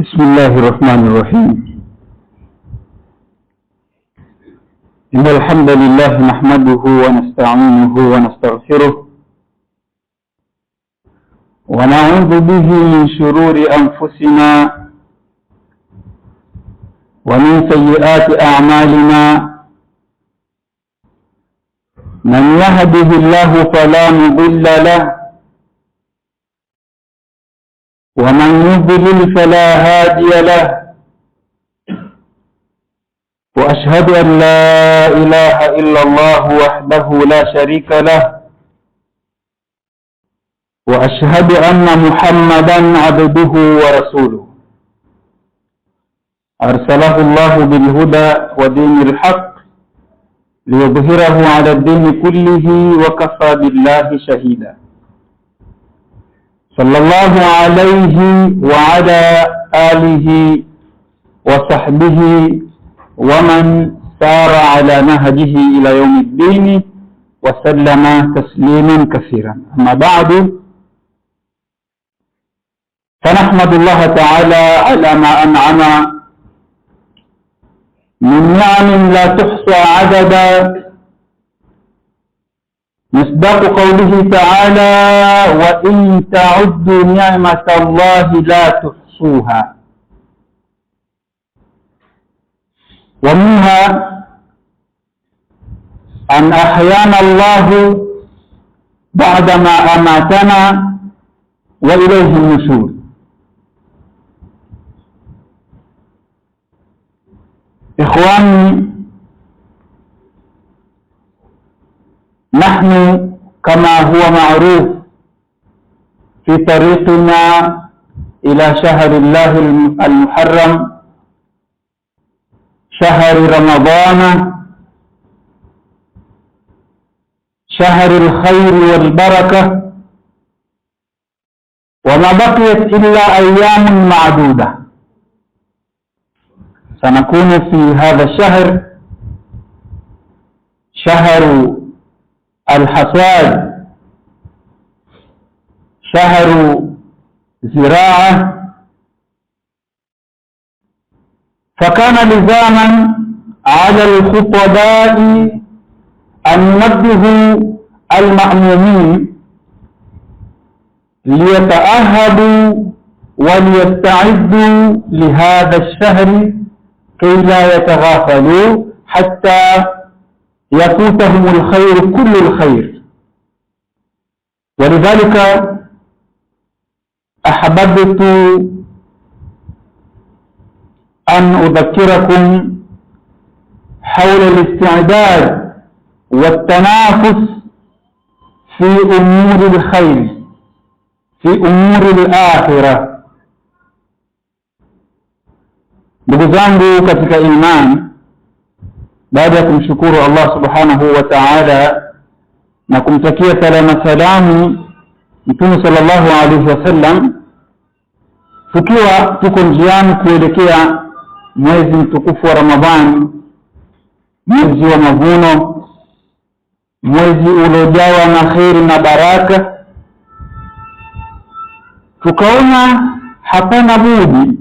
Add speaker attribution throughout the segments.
Speaker 1: بسم الله الرحمن الرحيم إن الحمد لله نحمده ونستعينه ونستغفره ونعوذ به من شرور أنفسنا ومن سيئات أعمالنا من يهده الله فلا مضل له ومن يضلل فلا هادي له وأشهد أن لا إله إلا الله وحده لا شريك له وأشهد أن محمدا عبده ورسوله أرسله الله بالهدى ودين الحق ليظهره على الدين كله وكفى بالله شهيدا صلى الله عليه وعلى آله وصحبه ومن سار على نهجه إلى يوم الدين وسلم تسليما كثيرا أما بعد فنحمد الله تعالى على ما أنعم من نعم لا تحصى عددا مصداق قوله تعالى وإن تعدوا نعمة الله لا تحصوها ومنها أن أحيانا الله بعدما أماتنا وإليه النشور إخواني نحن كما هو معروف في طريقنا إلى شهر الله المحرم شهر رمضان شهر الخير والبركة وما بقيت إلا أيام معدودة سنكون في هذا الشهر شهر الحصاد شهر زراعة فكان لزاما على الخطباء أن ينبهوا المأمومين ليتأهبوا وليستعدوا لهذا الشهر كي لا يتغافلوا حتى يفوتهم الخير كل الخير ولذلك أحببت أن أذكركم حول الاستعداد والتنافس في أمور الخير في أمور الآخرة ndugu zangu katika Baada ya kumshukuru Allah subhanahu wa ta'ala na kumtakia salama salamu Mtume sallallahu alaihi wasallam, tukiwa tuko njiani kuelekea mwezi mtukufu wa Ramadhani, mwezi wa mavuno, mwezi uliojawa na kheri na baraka, tukaona hapana budi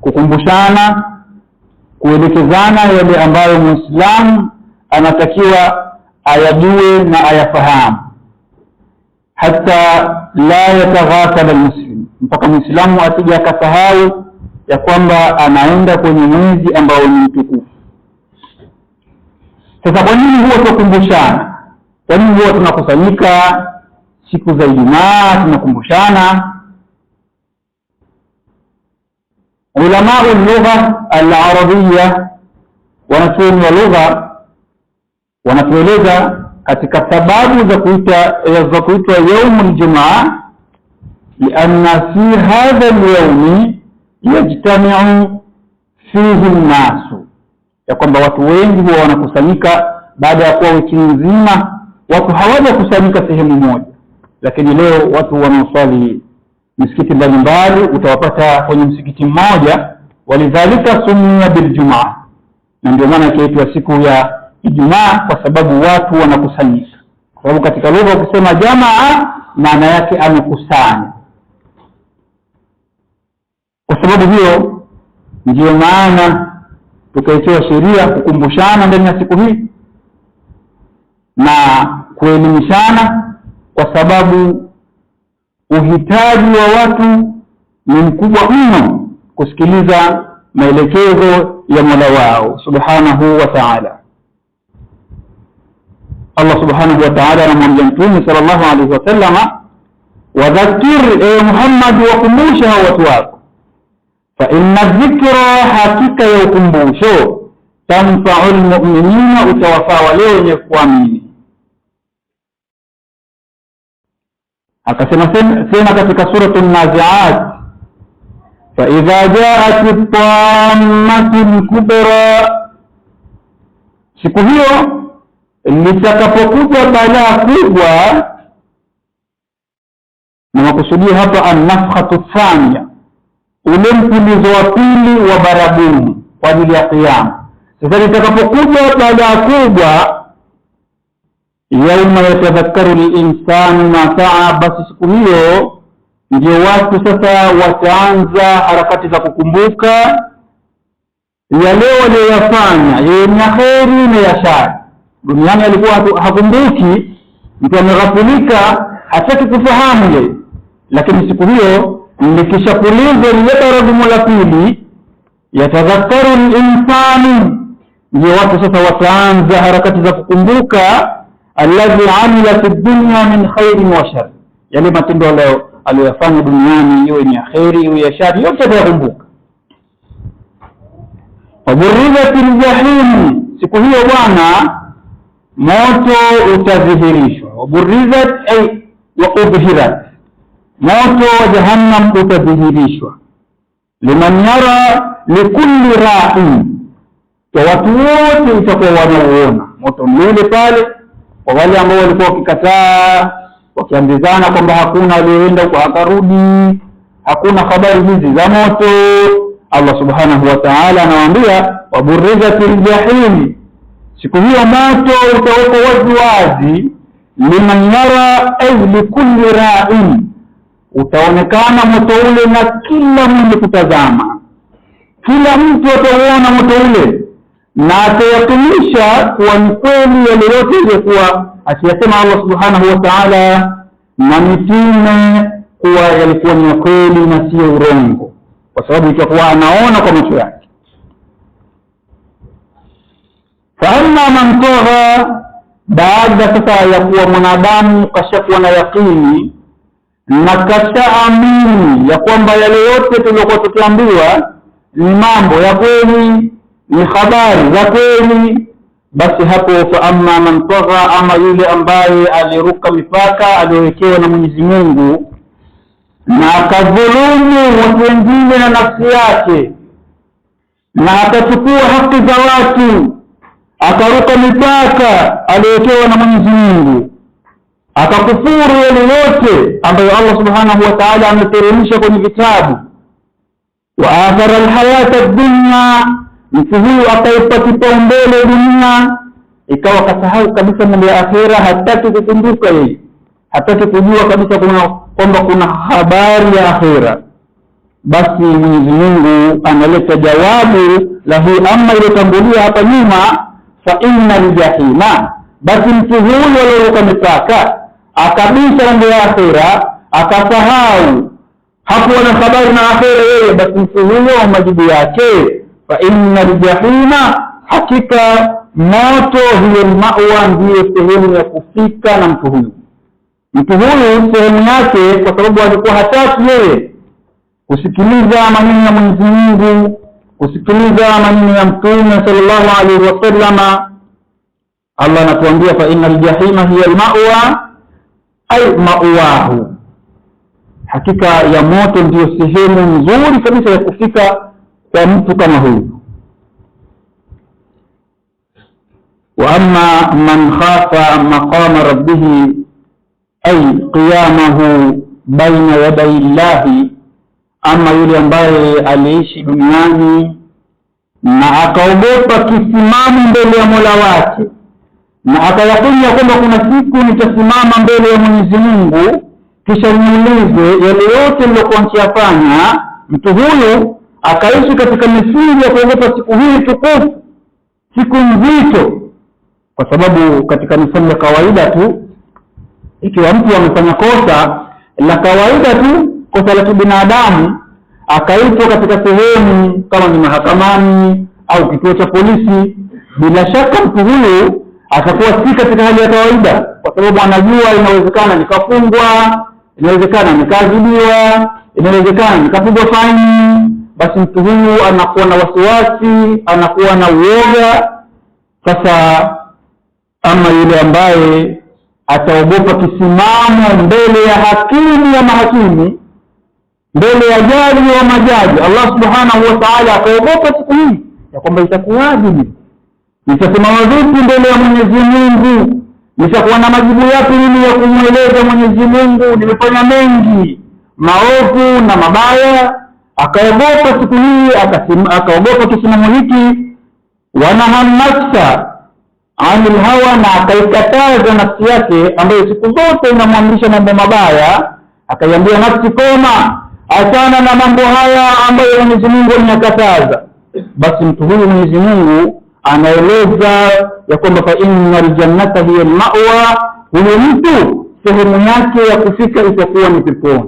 Speaker 1: kukumbushana kuelekezana yale ambayo muislamu anatakiwa ayajue na ayafahamu, hata la yataghafala almuslim, mpaka muislamu asije akasahau ya kwamba anaenda kwenye mwezi ambao ni mtukufu. Sasa kwa nini huwa tunakumbushana? Kwa nini huwa tunakusanyika siku za Ijumaa tunakumbushana Ulamau lugha alarabiya wanachuoni wa lugha wanatueleza katika sababu za kuita za kuitwa yaumu ljumaa, lianna fi hadha lyaumi yajtamiu fihi lnasu ya kwamba watu wengi huwa wanakusanyika baada ya kuwa wiki nzima watu hawajakusanyika sehemu moja, lakini leo watu wanaoswali misikiti mbalimbali utawapata kwenye msikiti mmoja, walidhalika sumia biljumaa, na ndio maana ikaitwa siku ya Ijumaa kwa sababu watu wanakusanyika, kwa sababu katika lugha ukisema jamaa maana yake amekusanya. Kwa sababu hiyo ndiyo maana tukaitoa sheria kukumbushana ndani ya siku hii na kuelimishana, kwa sababu Uhitaji wa watu ni mkubwa mno kusikiliza maelekezo ya Mola wao subhanahu wa ta'ala. Allah subhanahu wa ta'ala anamwambia Mtume sallallahu alaihi wasallama, wadhakir, ewe Muhammad, wakumbushe hao watu wako, fa inna dhikra, hakika ya ukumbusho, tamfaul mu'minina, utawafaa wale wenye kuamini akasema sema katika suratu Naziat, fa idha jaat tammatu lkubra, siku hiyo litakapokuja balaa kubwa. Na makusudia hapa annafkhatu thania, ule mpulizo wa pili wa baragumu kwa ajili ya Kiyama. Sasa litakapokuja balaa kubwa yauma yatadhakkaru linsanu ma saa, basi siku hiyo ndio watu sasa wataanza harakati za kukumbuka yale walioyafanya yenye kheri na ya shari. Duniani alikuwa hakumbuki, mtu ameghafulika, hataki kufahamu yeye, lakini siku hiyo likishapulizwa lile taradumu la pili, yatadhakkaru linsanu, ndio watu sasa wataanza harakati za kukumbuka الذي عمل في الدنيا من خير وشر يعني ما تندو له اللي يفعل الدنيا يوين يا خير ويا شر يوتبه يغبوك وبرزة الجحيم سيكون هي وانا موت وتزهريش وبرزة أي وأبهرت موت وجهنم وتزهريش لمن يرى لكل راعي كواتوات يتقوى ونوونا موت ليلة طالب Kwa wale ambao walikuwa wakikataa wakiambizana kwamba hakuna aliyoenda kwa akarudi, hakuna habari hizi za moto, Allah subhanahu wa ta'ala anawaambia waburizati ljahimi, siku hiyo moto utawekwa wazi liman yara ay likulli ra'in, utaonekana moto ule na kila mwenye kutazama, kila mtu atauona moto ule na atayatumisha kuwa ni kweli yale yote yaliyokuwa akiyasema Allah subhanahu wa ta'ala na mitume kuwa yalikuwa ni kweli na sio urongo, kwa sababu itakuwa anaona kwa macho yake. Faama man tagha, baada sasa ya kuwa mwanadamu kashakuwa na yakini na kashaamini ya kwamba yale yote tuliyokuwa tukiambiwa ni mambo ya kweli ni habari za kweli, basi hapo fa amma man tagha, ama yule ambaye aliruka mipaka aliyowekewa na Mwenyezi Mungu na akadhulumu watu wengine na nafsi yake na akachukua haki za watu akaruka mipaka aliyowekewa na Mwenyezi Mungu akakufuru yale yote ambayo Allah Subhanahu wa Ta'ala ameteremsha kwenye vitabu wa athara alhayata ad-dunya mtu huyu akaipa kipaumbele dunia ikawa kasahau kabisa mambo ya akhera, hataki kukumbuka yeye, hataki kujua kabisa kuna kwamba kuna habari ya akhera, basi Mwenyezi Mungu analeta jawabu la hii ama iliyotangulia hapa nyuma, fa inna ljahima, basi mtu huyu aliyeruka mipaka akabisa mambo ya akhera, akasahau hakuwa na habari na akhera yeye, basi mtu huyo majibu yake fa inna ljahima, hakika moto hiyo lmawa ndiyo sehemu ya kufika na mtu huyu. Mtu huyu sehemu yake, kwa sababu alikuwa hataki yeye kusikiliza maneno ya Mwenyezi Mungu, kusikiliza maneno ya Mtume sallallahu alaihi wasallama. Allah anatuambia fa inna ljahima hiya lmawa ay mawahu, hakika ya moto ndiyo sehemu nzuri kabisa ya kufika kwa mtu kama huyu. wa amma man khafa maqama rabbih ay qiyamahu baina yaday llahi, ama yule ambaye aliishi duniani na akaogopa kisimamo mbele ya Mola wake na akayakini ya kwamba kuna siku nitasimama mbele ya Mwenyezi Mungu kisha niulize yale yote niliyokuwa nikiyafanya, mtu huyu akaishi katika misingi ya kuogopa siku hii tukufu, siku nzito, kwa sababu katika misomo ya kawaida tu, ikiwa mtu amefanya kosa la kawaida tu, kosa la kibinadamu, akaitwa katika sehemu kama ni mahakamani au kituo cha polisi, bila shaka mtu huyu atakuwa si katika hali ya kawaida, kwa sababu anajua inawezekana nikafungwa, inawezekana nikaadhibiwa, inawezekana nikapigwa faini basi mtu huyu anakuwa na wasiwasi, anakuwa na uoga. Sasa ama yule ambaye ataogopa kisimamo mbele ya hakimu ya mahakimu, mbele ya jaji wa majaji, Allah subhanahu wa ta'ala, akaogopa siku hii ya kwamba itakuwaje, nitasimama vipi mbele ya Mwenyezi Mungu, nitakuwa na majibu yapi mimi ya kumweleza Mwenyezi Mungu, nimefanya mengi maovu na mabaya akaogopa siku hii, akaogopa kisimamo hiki. Wanaha nafsa anil hawa, na akaikataza nafsi yake ambayo siku zote inamwamrisha mambo mabaya, akaiambia nafsi, koma, achana na mambo haya ambayo Mwenyezi Mungu ameyakataza. Basi mtu huyu Mwenyezi Mungu anaeleza ya kwamba fa inna aljannata hiya almawa, huyo mtu sehemu yake ya kufika itakuwa ni peponi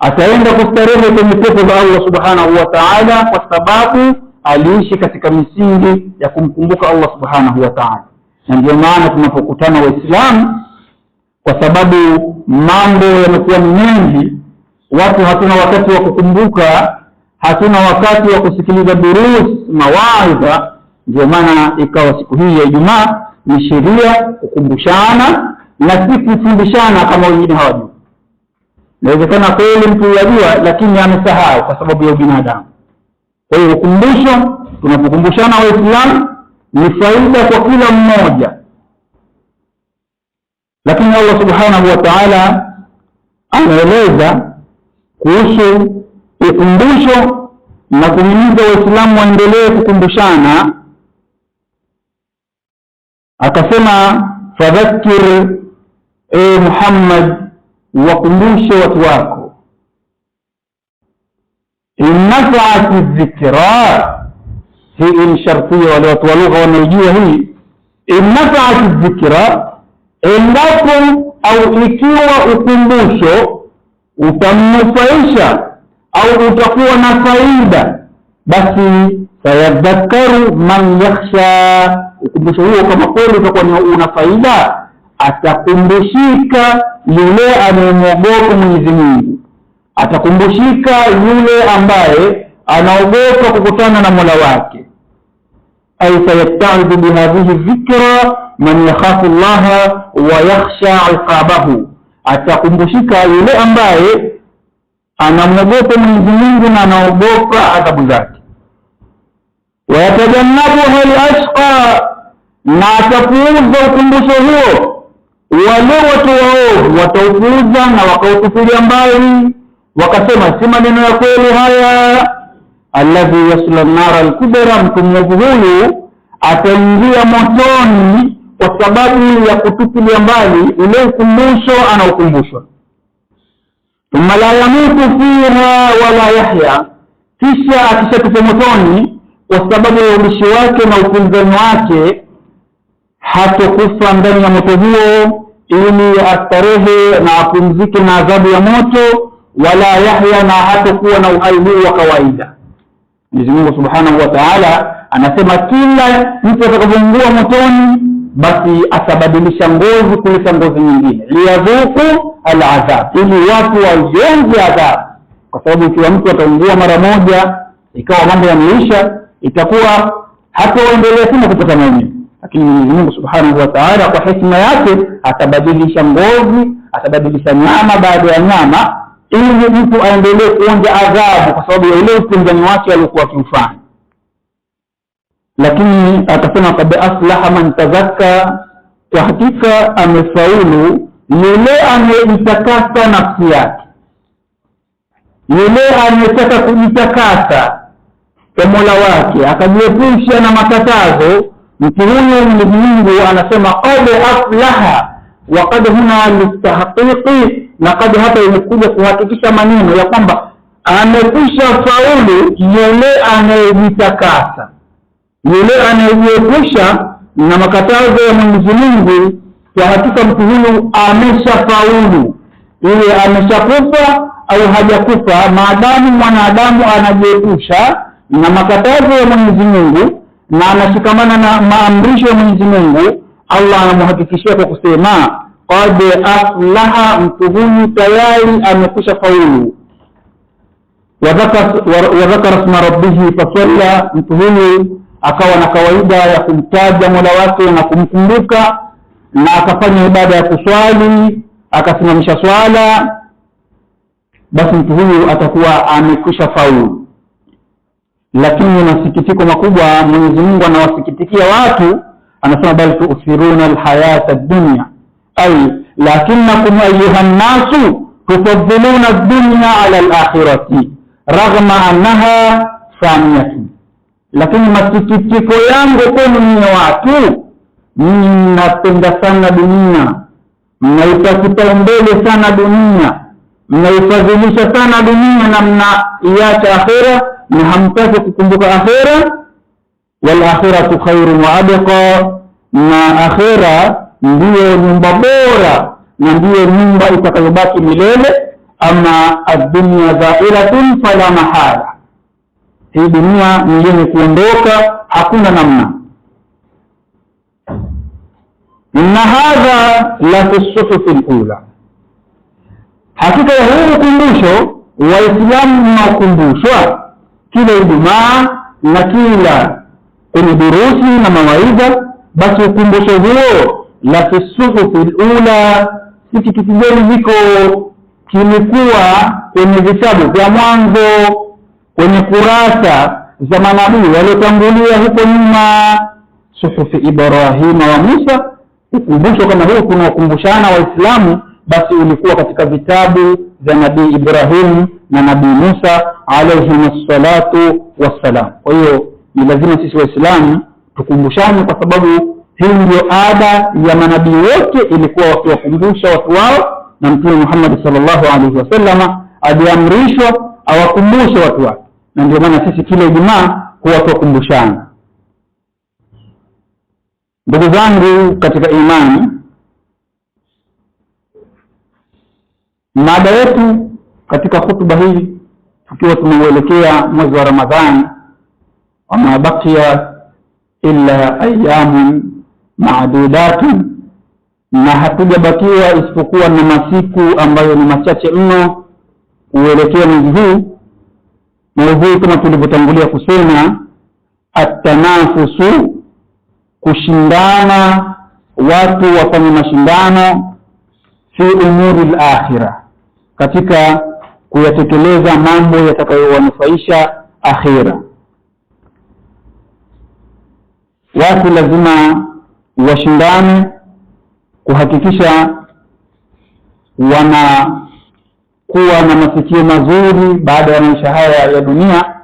Speaker 1: ataenda kustarehe kwenye pepo za Allah subhanahu wa ta'ala, kwa sababu aliishi katika misingi ya kumkumbuka Allah subhanahu wa ta'ala. Na ndio maana tunapokutana Waislamu, kwa sababu mambo yamekuwa ni mengi, watu hatuna wakati wa kukumbuka, hatuna wakati wa kusikiliza durus, mawaidha. Ndio maana ikawa siku hii ya Ijumaa ni sheria kukumbushana na si kufundishana kama wengine hawajui. Inawezekana kweli mtu yajua, lakini amesahau kwa sababu ya ubinadamu. Kwa hiyo ukumbusho, tunapokumbushana Waislamu ni faida kwa kila mmoja, lakini Allah subhanahu wa ta'ala anaeleza kuhusu ukumbusho na kuhimiza Waislamu waendelee kukumbushana, akasema fadhakir e Muhammad Wakumbushe watu wako, innafaat dhikra hii imshartia, wale watu wa lugha wanaijua hii. Innafaati dhikra, endapo au ikiwa ukumbusho utamnufaisha au utakuwa na faida, basi sayadhakaru man yakhsha, ukumbusho huo kama kweli utakuwa una faida atakumbushika yule anayemwogopa Mwenyezi Mungu, atakumbushika yule ambaye anaogopa kukutana na Mola wake. Ay sayatta'idhu bihadhihi dhikra man yakhafu llaha wa yakhsha iqabahu, atakumbushika yule ambaye anamwogopa Mwenyezi Mungu na anaogopa adhabu zake. Wayatajannabuha al-ashqa, na atapuuza ukumbusho huo wale watu waovu wataupuuza na wakautupilia mbali, wakasema si maneno ya kweli haya. Alladhi yasla nara alkubra, mtu mwovu huyu ataingia motoni kwa sababu ya kutupilia mbali ule ukumbusho anaokumbushwa. Thumma la yamutu fiha wala yahya, kisha akishatupwa motoni kwa sababu ya ubishi wake na upinzani wake hatokufa ndani ya moto huo, ili astarehe na apumzike na adhabu ya moto, wala yahya, na hatokuwa na uhai huu wa kawaida. Mwenyezi Mungu Subhanahu wa Ta'ala anasema kila mtu atakapoungua motoni, basi atabadilisha ngozi kuleta ngozi nyingine, liyadhuku aladhab, ili watu waionje adhabu, kwa sababu ikiwa mtu ataungua mara moja ikawa mambo yameisha, itakuwa hataendelea tena kupata maumivu. Lakini Mwenyezi Mungu Subhanahu wa Ta'ala kwa hikma yake atabadilisha ngozi, atabadilisha nyama baada ya nyama, ili mtu aendelee kuonja adhabu kwa sababu ya ile upinzani wake aliokuwa akiufanya. Lakini akasema kad aslaha man tazakka, kwa hakika amefaulu yule anayejitakasa nafsi yake, yule anayetaka kujitakasa kwa Mola wake, akajiepusha na makatazo mtu huyu Mwenyezi Mungu anasema qad aflaha wa qad huna listahqiqi, na qad hapa imekuja kuhakikisha maneno ya kwamba amekwisha faulu yule anayejitakasa, yule anayejiepusha na makatazo ya Mwenyezi Mungu. Kwa hakika mtu huyu faulu, iwe ameshakufa au hajakufa, maadamu mwanadamu anajiepusha na makatazo ya Mwenyezi Mungu na anashikamana na maamrisho ya Mwenyezi Mungu, Allah anamhakikishia kwa kusema qad aflaha, mtu huyu tayari amekwisha faulu. Wadhakara sma rabbihi fasalla, mtu huyu akawa na kawaida ya kumtaja mola wake na kumkumbuka, na akafanya ibada ya kuswali, akasimamisha swala, basi mtu huyu atakuwa amekwisha faulu lakini masikitiko makubwa Mwenyezi Mungu anawasikitikia watu, anasema bal tu'thiruna alhayat ad-dunya ay lakinnakum ayuha nasu tufaddiluna ad-dunya ala al-akhirati raghma annaha faniyatun, lakini masikitiko yangu kwenu ninyi watu, ninyi mnapenda sana dunia, mnaipa kipaumbele sana dunia, mnaifadhilisha sana dunia na mnaiacha akhira na hamtaki kukumbuka akhera, wal akhiratu khairun wa abqa, na akhera ndiyo nyumba bora na ndiyo nyumba itakayobaki milele. Ama ad-dunya za'ilatun fala mahala, hii dunia ni yenye kuondoka, hakuna namna. Inna hadha la fi suhufi al-ula, hakika ya huu ukumbusho Waislamu mnaokumbushwa kila Ijumaa na kila kwenye durusi na mawaidha, basi ukumbusho huo la fisuhufi lula, si kitu kigeni hiko, kimekuwa kwenye vitabu vya mwanzo, kwenye kurasa za manabii waliotangulia huko nyuma, suhufi Ibrahima wa Musa. Ukumbusho kama huo kuna wakumbushana Waislamu basi ulikuwa katika vitabu vya Nabii Ibrahim na Nabii Musa alayhi salatu wassalam. Kwa hiyo ni lazima sisi Waislamu tukumbushane, kwa sababu hii ndio ada ya manabii wote, ilikuwa wakiwakumbusha watu wao, na Mtume Muhammad sallallahu alayhi wasallam aliamrishwa awakumbushe watu wake, na ndio maana sisi kila Ijumaa huwa tuwakumbushana. Ndugu zangu katika imani Mada yetu katika hutuba hii tukiwa tumeuelekea mwezi wa Ramadhani, wama bakia illa ayamun maadudatun, na hatujabakiwa isipokuwa na masiku ambayo ni machache mno kuelekea mwezi huu. Mwezi huu kama tulivyotangulia kusema, atanafusu, kushindana, watu wafanye mashindano fi umuri al-akhirah, katika kuyatekeleza mambo yatakayowanufaisha akhira. Watu lazima washindane kuhakikisha wanakuwa na masikio mazuri baada ya maisha haya ya dunia,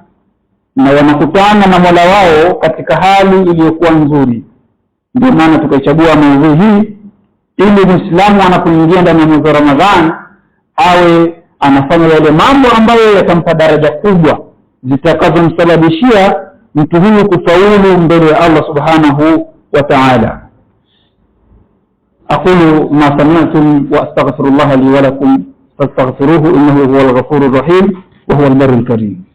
Speaker 1: na wanakutana na Mola wao katika hali iliyokuwa nzuri. Ndio maana tukaichagua maudhui hii ili Muislamu anapoingia ndani ya mwezi wa Ramadhani awe anafanya yale mambo ambayo yatampa daraja kubwa zitakazomsababishia mtu huyu kufaulu mbele ya Allah subhanahu wa ta'ala. aqulu ma sami'tum wa astaghfirullaha li wa lakum fastaghfiruhu innahu huwal ghafurur rahim wa huwal barrul karim.